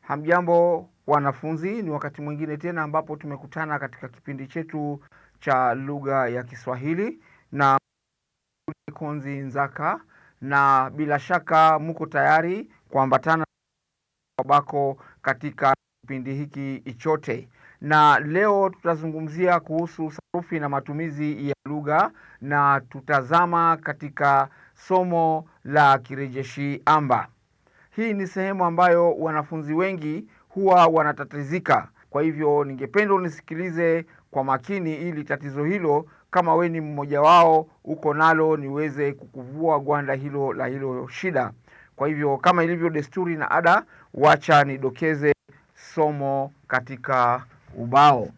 Hamjambo wanafunzi, ni wakati mwingine tena ambapo tumekutana katika kipindi chetu cha lugha ya Kiswahili na Konzi Nzaka, na bila shaka muko tayari kuambatana wabako katika kipindi hiki ichote, na leo tutazungumzia kuhusu sarufi na matumizi ya lugha, na tutazama katika somo la kirejeshi amba. Hii ni sehemu ambayo wanafunzi wengi huwa wanatatizika. Kwa hivyo, ningependa unisikilize kwa makini, ili tatizo hilo kama we ni mmoja wao uko nalo, niweze kukuvua gwanda hilo la hilo shida. Kwa hivyo, kama ilivyo desturi na ada, wacha nidokeze somo katika ubao.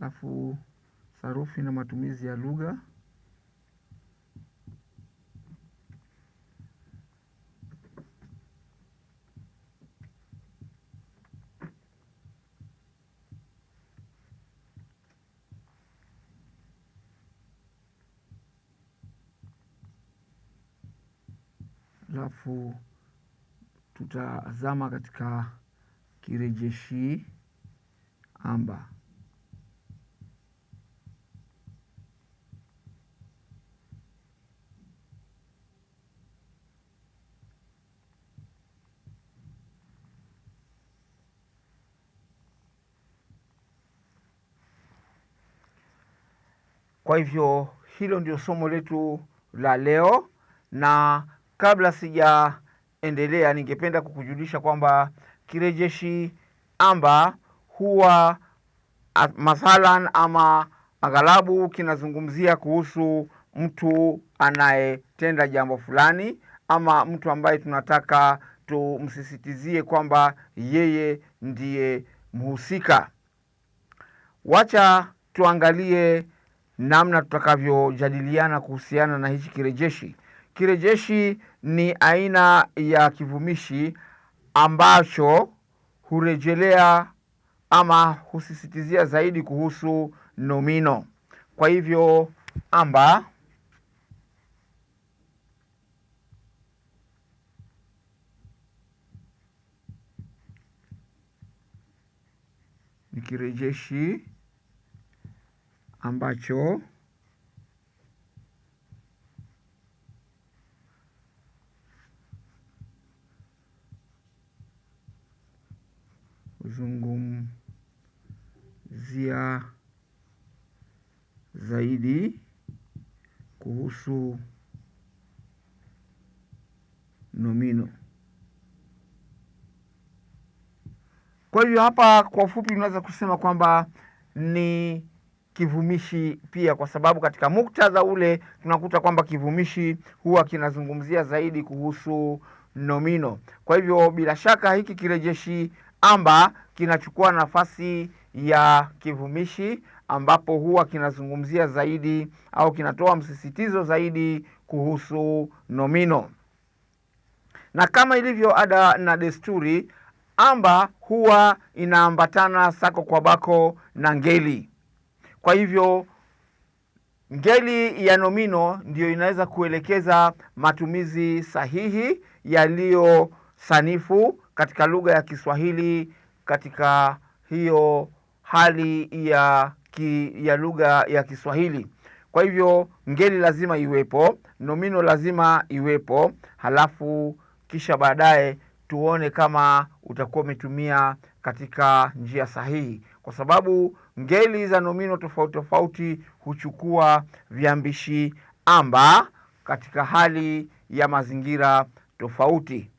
alafu sarufi na matumizi ya lugha alafu tutazama katika kirejeshi amba. Kwa hivyo hilo ndio somo letu la leo, na kabla sijaendelea, ningependa kukujulisha kwamba kirejeshi amba huwa mathalan ama aghalabu kinazungumzia kuhusu mtu anayetenda jambo fulani ama mtu ambaye tunataka tumsisitizie kwamba yeye ndiye mhusika. Wacha tuangalie namna tutakavyojadiliana kuhusiana na hichi kirejeshi. Kirejeshi ni aina ya kivumishi ambacho hurejelea ama husisitizia zaidi kuhusu nomino. Kwa hivyo amba ni kirejeshi ambacho zungumzia zaidi kuhusu nomino. Kwa hivyo hapa kwa ufupi, tunaweza kusema kwamba ni kivumishi pia, kwa sababu katika muktadha ule tunakuta kwamba kivumishi huwa kinazungumzia zaidi kuhusu nomino. Kwa hivyo bila shaka hiki kirejeshi amba kinachukua nafasi ya kivumishi ambapo huwa kinazungumzia zaidi au kinatoa msisitizo zaidi kuhusu nomino. Na kama ilivyo ada na desturi, amba huwa inaambatana sako kwa bako na ngeli. Kwa hivyo ngeli ya nomino ndiyo inaweza kuelekeza matumizi sahihi yaliyo sanifu katika lugha ya Kiswahili katika hiyo hali ya ki, ya lugha ya Kiswahili. Kwa hivyo ngeli lazima iwepo, nomino lazima iwepo, halafu kisha baadaye tuone kama utakuwa umetumia katika njia sahihi, kwa sababu Ngeli za nomino tofauti tofauti huchukua viambishi amba katika hali ya mazingira tofauti.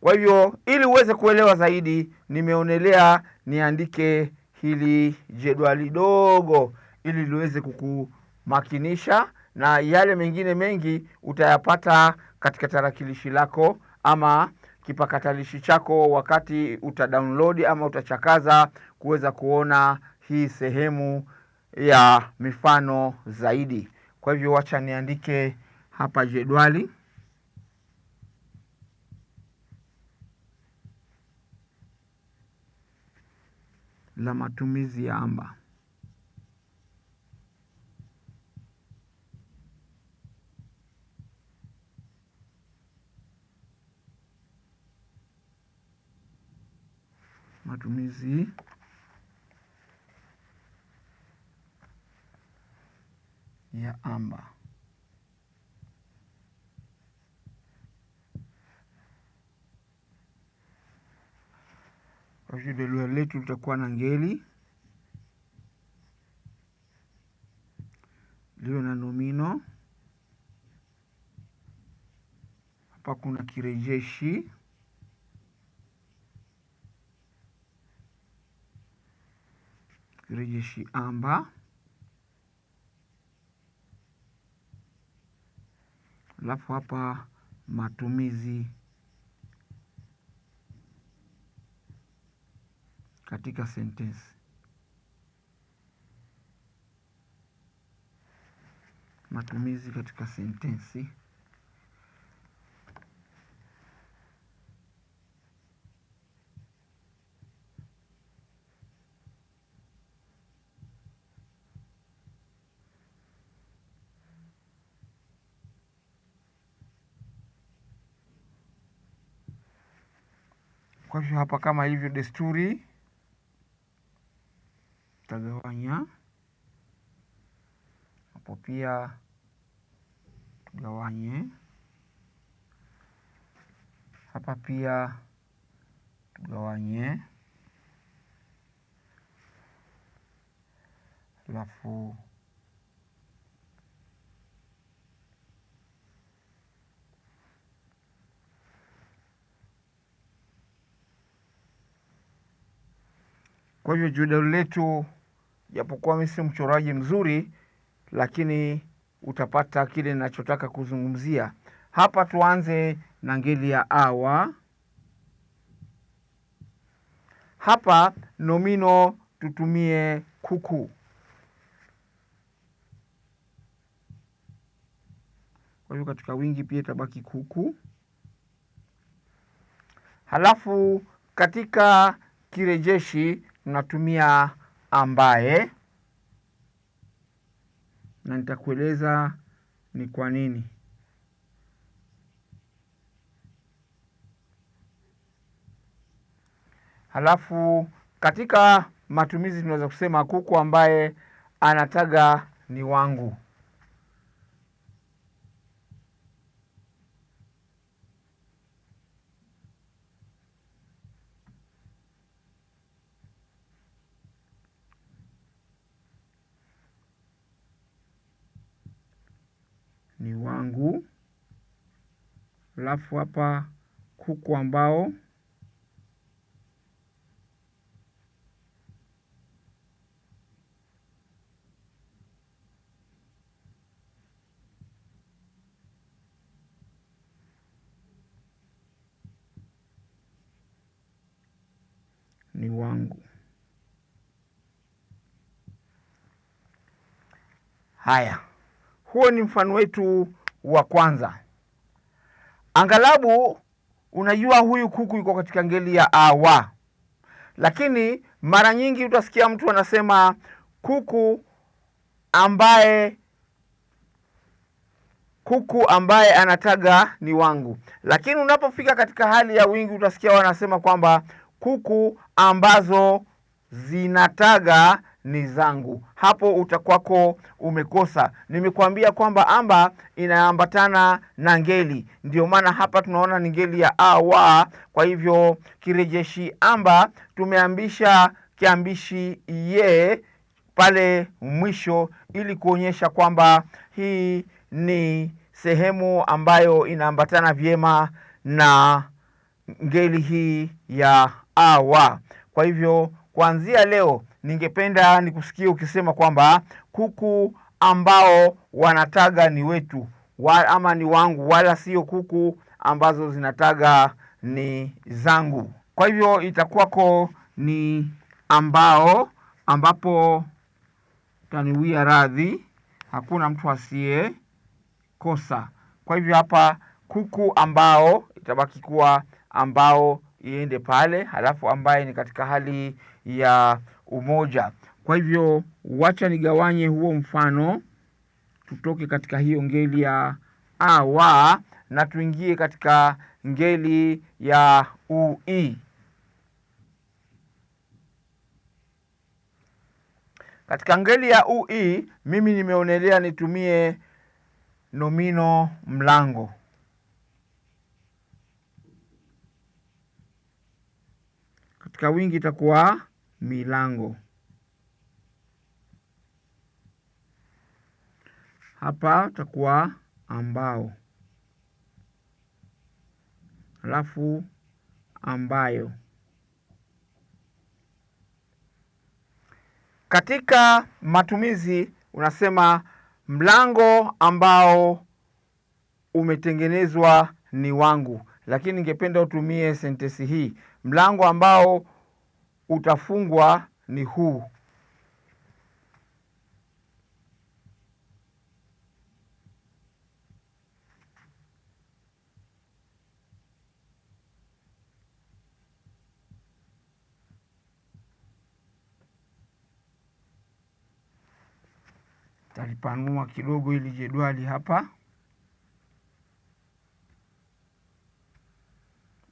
Kwa hivyo, ili uweze kuelewa zaidi, nimeonelea niandike hili jedwali dogo ili liweze kukumakinisha, na yale mengine mengi utayapata katika tarakilishi lako ama kipakatalishi chako, wakati utadownload ama utachakaza kuweza kuona hii sehemu ya mifano zaidi. Kwa hivyo wacha niandike hapa jedwali la matumizi ya amba. Matumizi ya amba. Kwa hiyo dondoo letu litakuwa na ngeli liwe na nomino. Hapa kuna kirejeshi kirejeshi amba Alafu hapa matumizi katika sentensi. Matumizi katika sentensi. Kwa hivyo hapa, kama ilivyo desturi, tutagawanya hapo pia, tugawanye hapa pia, tugawanye alafu Kwa hivyo Juda letu japokuwa mimi si mchoraji mzuri, lakini utapata kile ninachotaka kuzungumzia hapa. Tuanze na ngeli ya awa. Hapa nomino tutumie kuku. Kwa hiyo katika wingi pia itabaki kuku. Halafu katika kirejeshi natumia ambaye na nitakueleza ni kwa nini. Halafu katika matumizi tunaweza kusema kuku ambaye anataga ni wangu. Alafu hapa kuku ambao ni wangu. Haya, huo ni mfano wetu wa kwanza. Angalabu unajua huyu kuku yuko katika ngeli ya awa, lakini mara nyingi utasikia mtu anasema kuku ambaye kuku ambaye anataga ni wangu, lakini unapofika katika hali ya wingi utasikia wanasema kwamba kuku ambazo zinataga ni zangu. Hapo utakwako umekosa. Nimekuambia kwamba amba inaambatana na ngeli, ndiyo maana hapa tunaona ni ngeli ya awa. Kwa hivyo kirejeshi amba tumeambisha kiambishi ye pale mwisho ili kuonyesha kwamba hii ni sehemu ambayo inaambatana vyema na ngeli hii ya awa. Kwa hivyo kuanzia leo ningependa nikusikie ukisema kwamba kuku ambao wanataga ni wetu wa, ama ni wangu, wala sio kuku ambazo zinataga ni zangu. Kwa hivyo itakuwako ni ambao, ambapo taniwia radhi, hakuna mtu asiye kosa. Kwa hivyo hapa kuku ambao itabaki kuwa ambao iende pale, halafu ambaye ni katika hali ya umoja. Kwa hivyo wacha nigawanye huo mfano, tutoke katika hiyo ngeli ya awa na tuingie katika ngeli ya ui. E. Katika ngeli ya ui e, mimi nimeonelea nitumie nomino mlango. katika wingi itakuwa milango. Hapa itakuwa ambao, alafu ambayo. Katika matumizi unasema mlango ambao umetengenezwa ni wangu, lakini ningependa utumie sentensi hii: mlango ambao utafungwa ni huu. Talipanua kidogo ili jedwali hapa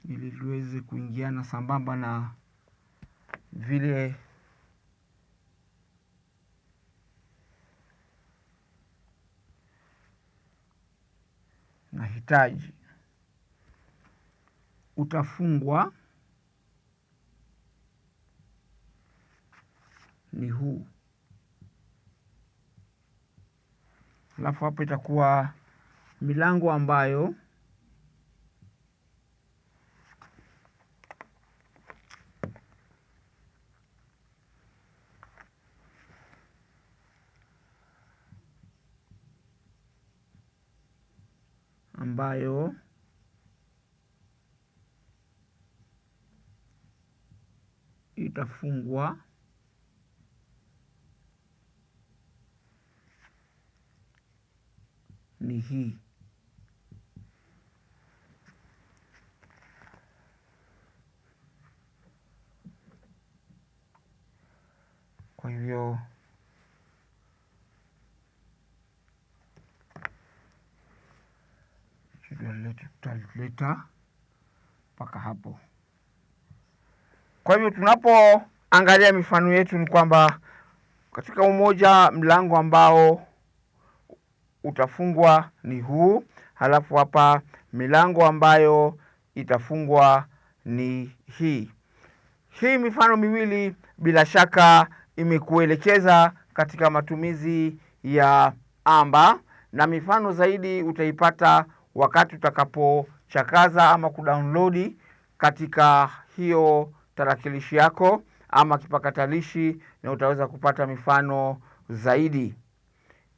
ili liweze kuingiana sambamba na vile nahitaji. Utafungwa ni huu, alafu hapo itakuwa milango ambayo ambayo itafungwa ni hii. Kwa hivyo tutalileta mpaka hapo. Kwa hivyo tunapoangalia mifano yetu ni kwamba katika umoja, mlango ambao utafungwa ni huu, halafu hapa milango ambayo itafungwa ni hii. Hii mifano miwili bila shaka imekuelekeza katika matumizi ya amba na mifano zaidi utaipata wakati utakapochakaza ama kudownloadi katika hiyo tarakilishi yako ama kipakatalishi, na utaweza kupata mifano zaidi.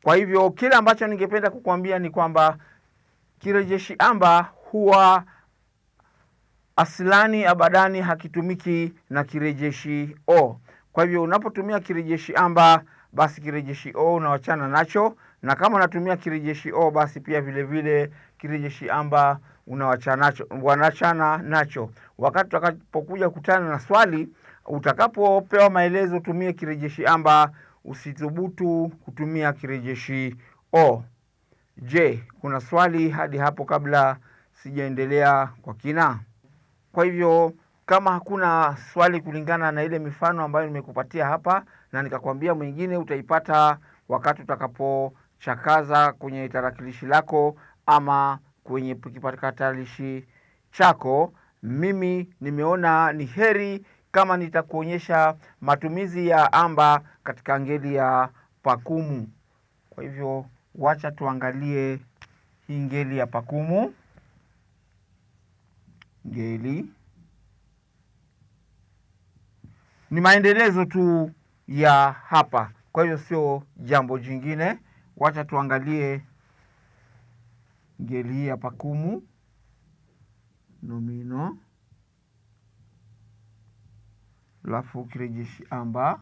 Kwa hivyo kile ambacho ningependa kukuambia ni kwamba kirejeshi amba huwa asilani abadani hakitumiki na kirejeshi o. Kwa hivyo unapotumia kirejeshi amba, basi kirejeshi o unawachana nacho, na kama unatumia kirejeshi o, basi pia vilevile kirejeshi amba wanachana nacho. Wakati utakapokuja kutana na swali, utakapopewa maelezo, tumie kirejeshi amba, usithubutu kutumia kirejeshi o. Je, kuna swali hadi hapo kabla sijaendelea kwa kina? Kwa hivyo kama hakuna swali kulingana na ile mifano ambayo nimekupatia hapa na nikakwambia, mwingine utaipata wakati utakapochakaza kwenye tarakilishi lako ama kwenye kipakatalishi chako. Mimi nimeona ni heri kama nitakuonyesha matumizi ya amba katika ngeli ya pakumu. Kwa hivyo, wacha tuangalie hii ngeli ya pakumu. Ngeli ni maendelezo tu ya hapa, kwa hiyo sio jambo jingine. Wacha tuangalie Gelia pakumu nomino alafu kirejeshi amba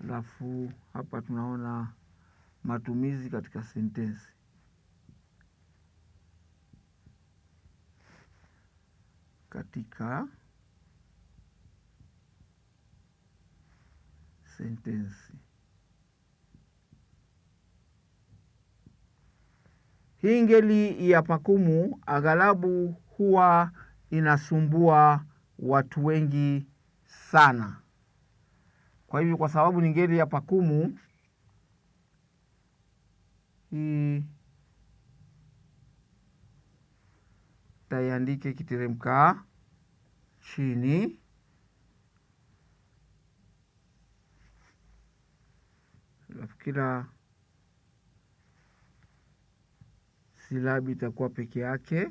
alafu hapa tunaona matumizi katika sentensi. Katika sentensi. Hii ngeli ya pakumu aghalabu huwa inasumbua watu wengi sana. Kwa hivyo, kwa sababu ni ngeli ya pakumu hii taiandike kiteremka chini kila silabi itakuwa peke yake.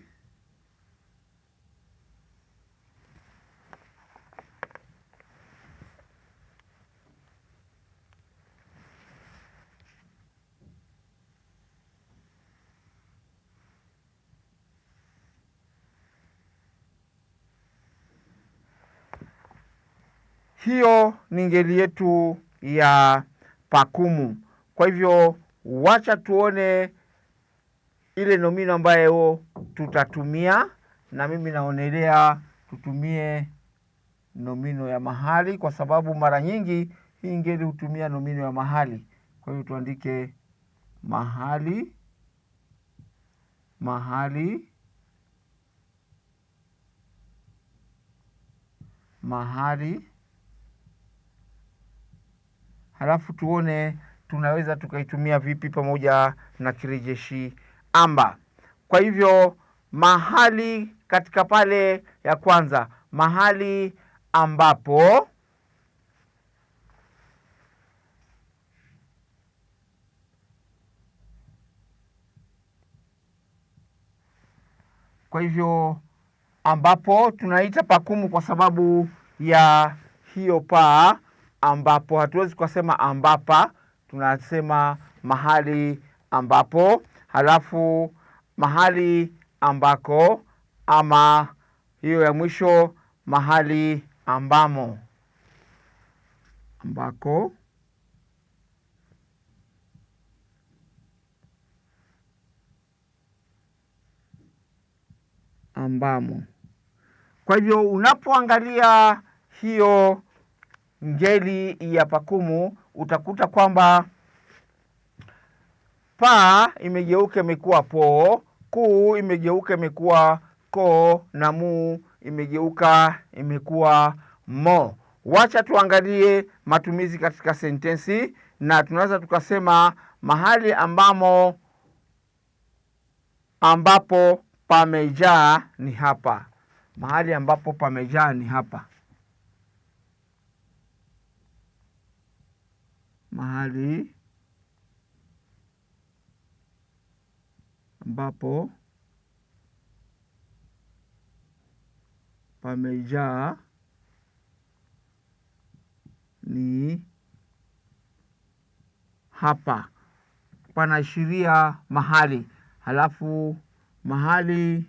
Hiyo ni ngeli yetu ya pakumu. Kwa hivyo wacha tuone ile nomino ambayo tutatumia, na mimi naonelea tutumie nomino ya mahali, kwa sababu mara nyingi hii ngeli hutumia nomino ya mahali. Kwa hiyo tuandike mahali, mahali, mahali halafu tuone tunaweza tukaitumia vipi pamoja na kirejeshi amba. Kwa hivyo mahali katika pale ya kwanza, mahali ambapo kwa hivyo ambapo tunaita pakumu kwa sababu ya hiyo paa ambapo hatuwezi kusema ambapa, tunasema mahali ambapo, halafu mahali ambako, ama hiyo ya mwisho mahali ambamo, ambako ambamo. Kwa hivyo unapoangalia hiyo ngeli ya pakumu utakuta kwamba pa imegeuka imekuwa po, ku imegeuka imekuwa ko na mu imegeuka imekuwa mo. Wacha tuangalie matumizi katika sentensi, na tunaweza tukasema mahali ambamo ambapo pamejaa ni hapa, mahali ambapo pamejaa ni hapa. mahali ambapo pamejaa ni hapa. Panaashiria mahali, halafu mahali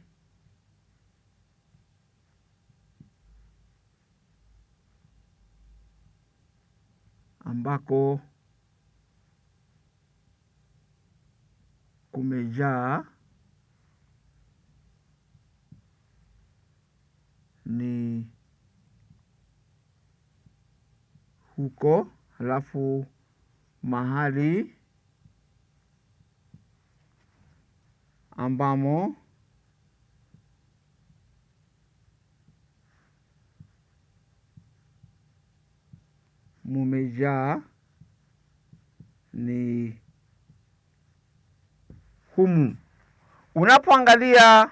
ambako kumejaa ni huko halafu mahali ambamo mumejaa ni humu. Unapoangalia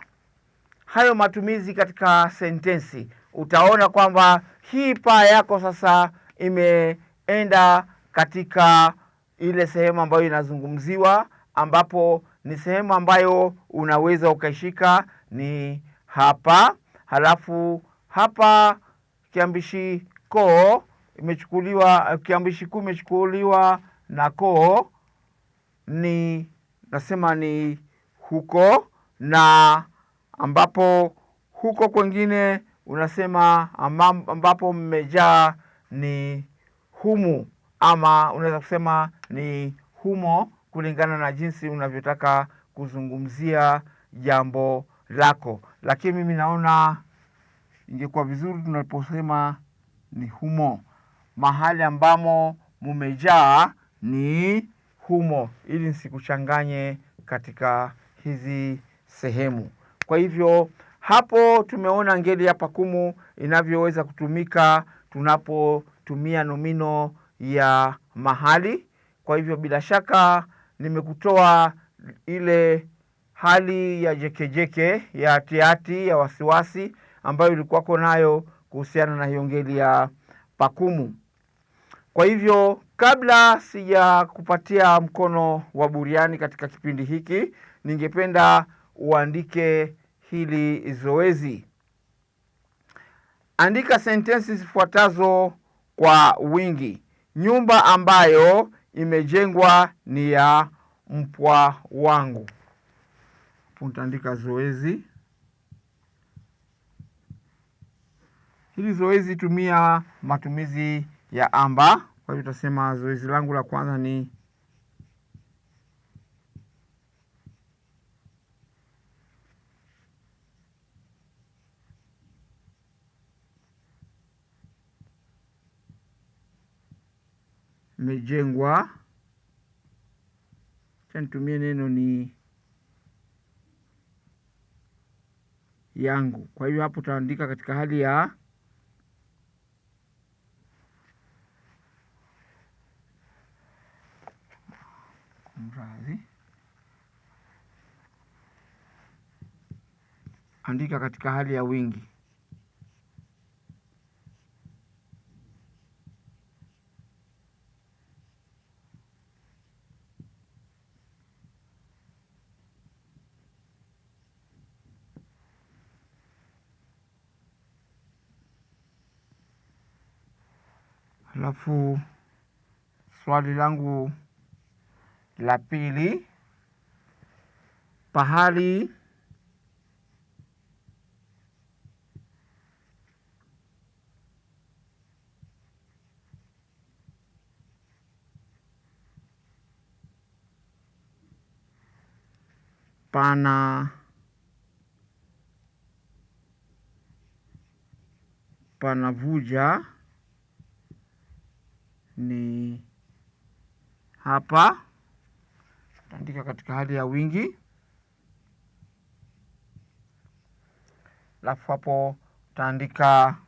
hayo matumizi katika sentensi, utaona kwamba hii paa yako sasa imeenda katika ile sehemu ambayo inazungumziwa, ambapo ni sehemu ambayo unaweza ukaishika ni hapa. Halafu hapa kiambishi ko imechukuliwa, kiambishi kuu imechukuliwa na ko ni nasema ni huko, na ambapo huko kwengine unasema ambapo mmejaa ni humu, ama unaweza kusema ni humo, kulingana na jinsi unavyotaka kuzungumzia jambo lako. Lakini mimi naona ingekuwa vizuri tunaposema ni humo, mahali ambamo mumejaa ni humo, ili nisikuchanganye katika hizi sehemu. Kwa hivyo hapo tumeona ngeli ya pakumu inavyoweza kutumika tunapotumia nomino ya mahali. Kwa hivyo bila shaka nimekutoa ile hali ya jekejeke ya tiati ya wasiwasi ambayo ilikuwako nayo kuhusiana na hiyo ngeli ya pakumu. Kwa hivyo kabla sija kupatia mkono wa buriani katika kipindi hiki, ningependa uandike hili zoezi. Andika sentensi zifuatazo kwa wingi: nyumba ambayo imejengwa ni ya mpwa wangu. Nitaandika zoezi hili. Zoezi tumia matumizi ya amba. Kwa hivyo tutasema zoezi langu la kwanza ni mejengwa chanitumie neno ni yangu. Kwa hiyo hapo utaandika katika hali ya kazi. andika katika hali ya wingi. Alafu swali langu la pili, pahali pana panavuja ni hapa. Taandika katika hali ya wingi, alafu hapo utaandika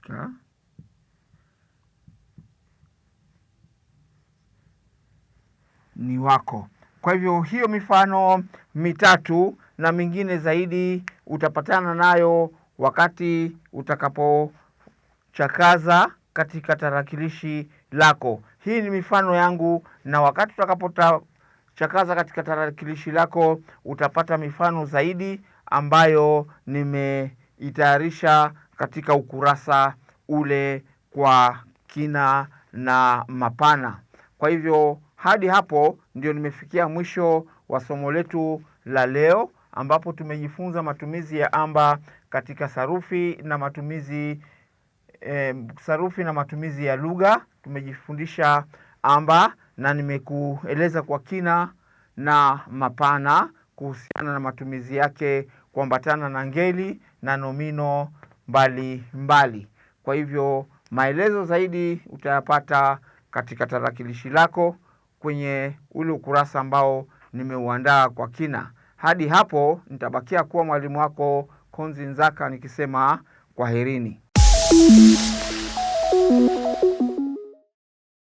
katika ni wako kwa hivyo hiyo mifano mitatu na mingine zaidi utapatana nayo wakati utakapochakaza katika tarakilishi lako. Hii ni mifano yangu, na wakati utakapochakaza katika tarakilishi lako utapata mifano zaidi ambayo nimeitayarisha katika ukurasa ule kwa kina na mapana. Kwa hivyo hadi hapo ndio nimefikia mwisho wa somo letu la leo, ambapo tumejifunza matumizi ya amba katika sarufi na matumizi e, sarufi na matumizi ya lugha. Tumejifundisha amba na nimekueleza kwa kina na mapana kuhusiana na matumizi yake kuambatana na ngeli na nomino mbalimbali mbali. Kwa hivyo maelezo zaidi utayapata katika tarakilishi lako kwenye ule ukurasa ambao nimeuandaa kwa kina. Hadi hapo nitabakia kuwa mwalimu wako Konzi Nzaka nikisema kwaherini.